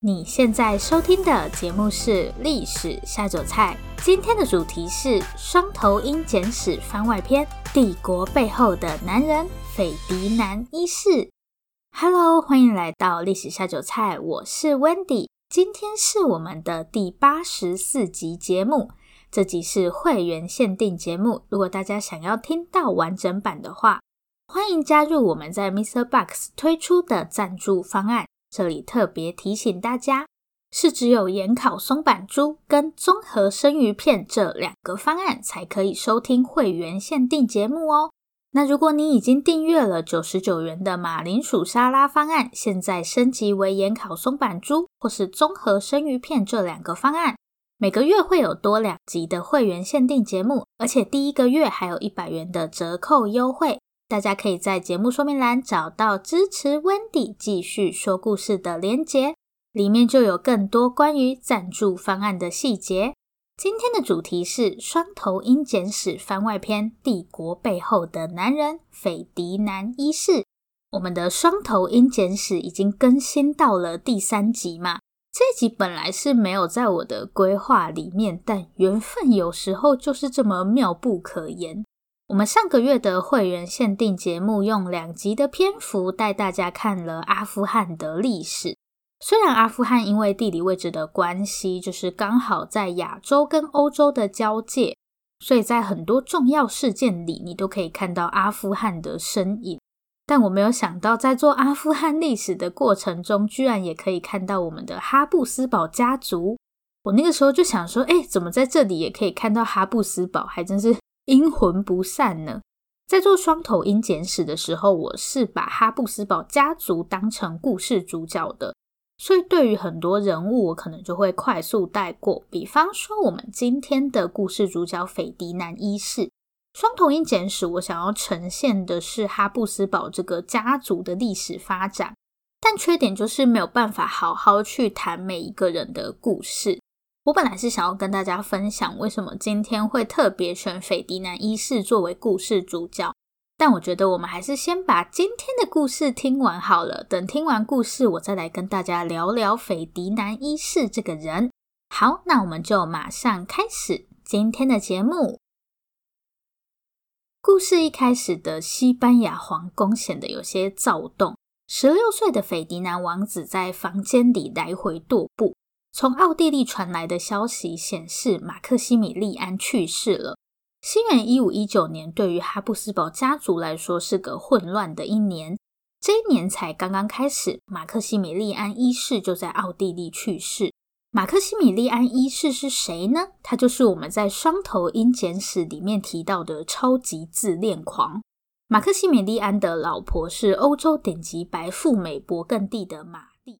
你現在收聽的節目是《歷史下酒菜》，今天的主題是《雙頭鷹簡史》番外篇《帝國背後的男人——斐迪南一世》。Hello，歡迎來到《歷史下酒菜》，我是 Wendy。今天是我們的第八十四集節目，這集是會員限定節目。如果大家想要聽到完整版的話，歡迎加入我們在 MixerBox 推出的贊助方案。這裡特別提醒大家，是只有鹽烤松阪豬跟綜合生魚片這兩個方案才可以收聽會員限定節目哦。那如果你已經訂閱了九十九元的馬鈴薯沙拉方案，現在升級為鹽烤松阪豬或是綜合生魚片這兩個方案，每個月會有多兩集的會員限定節目，而且第一個月還有一百元的折扣優惠。大家可以在節目說明欄找到支持 Wendy 繼續說故事的連結，裡面就有更多關於贊助方案的細節。今天的主題是《雙頭鷹簡史》番外篇《帝國背後的男人》——斐迪南一世。我們的《雙頭鷹簡史》已經更新到了第三集嘛？這集本來是沒有在我的規劃裡面，但緣分有時候就是這麼妙不可言。我們上個月的會員限定節目，用兩集的篇幅帶大家看了阿富汗的歷史。雖然阿富汗因為地理位置的關係，就是剛好在亞洲跟歐洲的交界，所以在很多重要事件裡，你都可以看到阿富汗的身影。但我沒有想到，在做阿富汗歷史的過程中，居然也可以看到我們的哈布斯堡家族。我那個時候就想說，誒，怎麼在這裡也可以看到哈布斯堡？還真是。陰魂不散呢。在做《雙頭鷹簡史》的時候，我是把哈布斯堡家族當成故事主角的，所以對於很多人物，我可能就會快速帶過。比方說，我們今天的故事主角斐迪南一世，《雙頭鷹簡史》我想要呈現的是哈布斯堡這個家族的歷史發展，但缺點就是沒有辦法好好去談每一個人的故事。我本來是想要跟大家分享為什麼今天會特別選斐迪南一世作為故事主角，但我覺得我們還是先把今天的故事聽完好了。等聽完故事，我再來跟大家聊聊斐迪南一世這個人。好，那我們就馬上開始今天的節目。故事一開始的西班牙皇宮顯得有些躁動，十六歲的斐迪南王子在房間裡來回踱步。從奧地利傳來的消息顯示，馬克西米利安去世了。公元一五一九年，對於哈布斯堡家族來說是個混亂的一年。這一年才剛剛開始，馬克西米利安一世就在奧地利去世。馬克西米利安一世是誰呢？他就是我們在《雙頭鷹簡史》裡面提到的超級自戀狂。馬克西米利安的老婆是歐洲頂級白富美——勃艮第的瑪。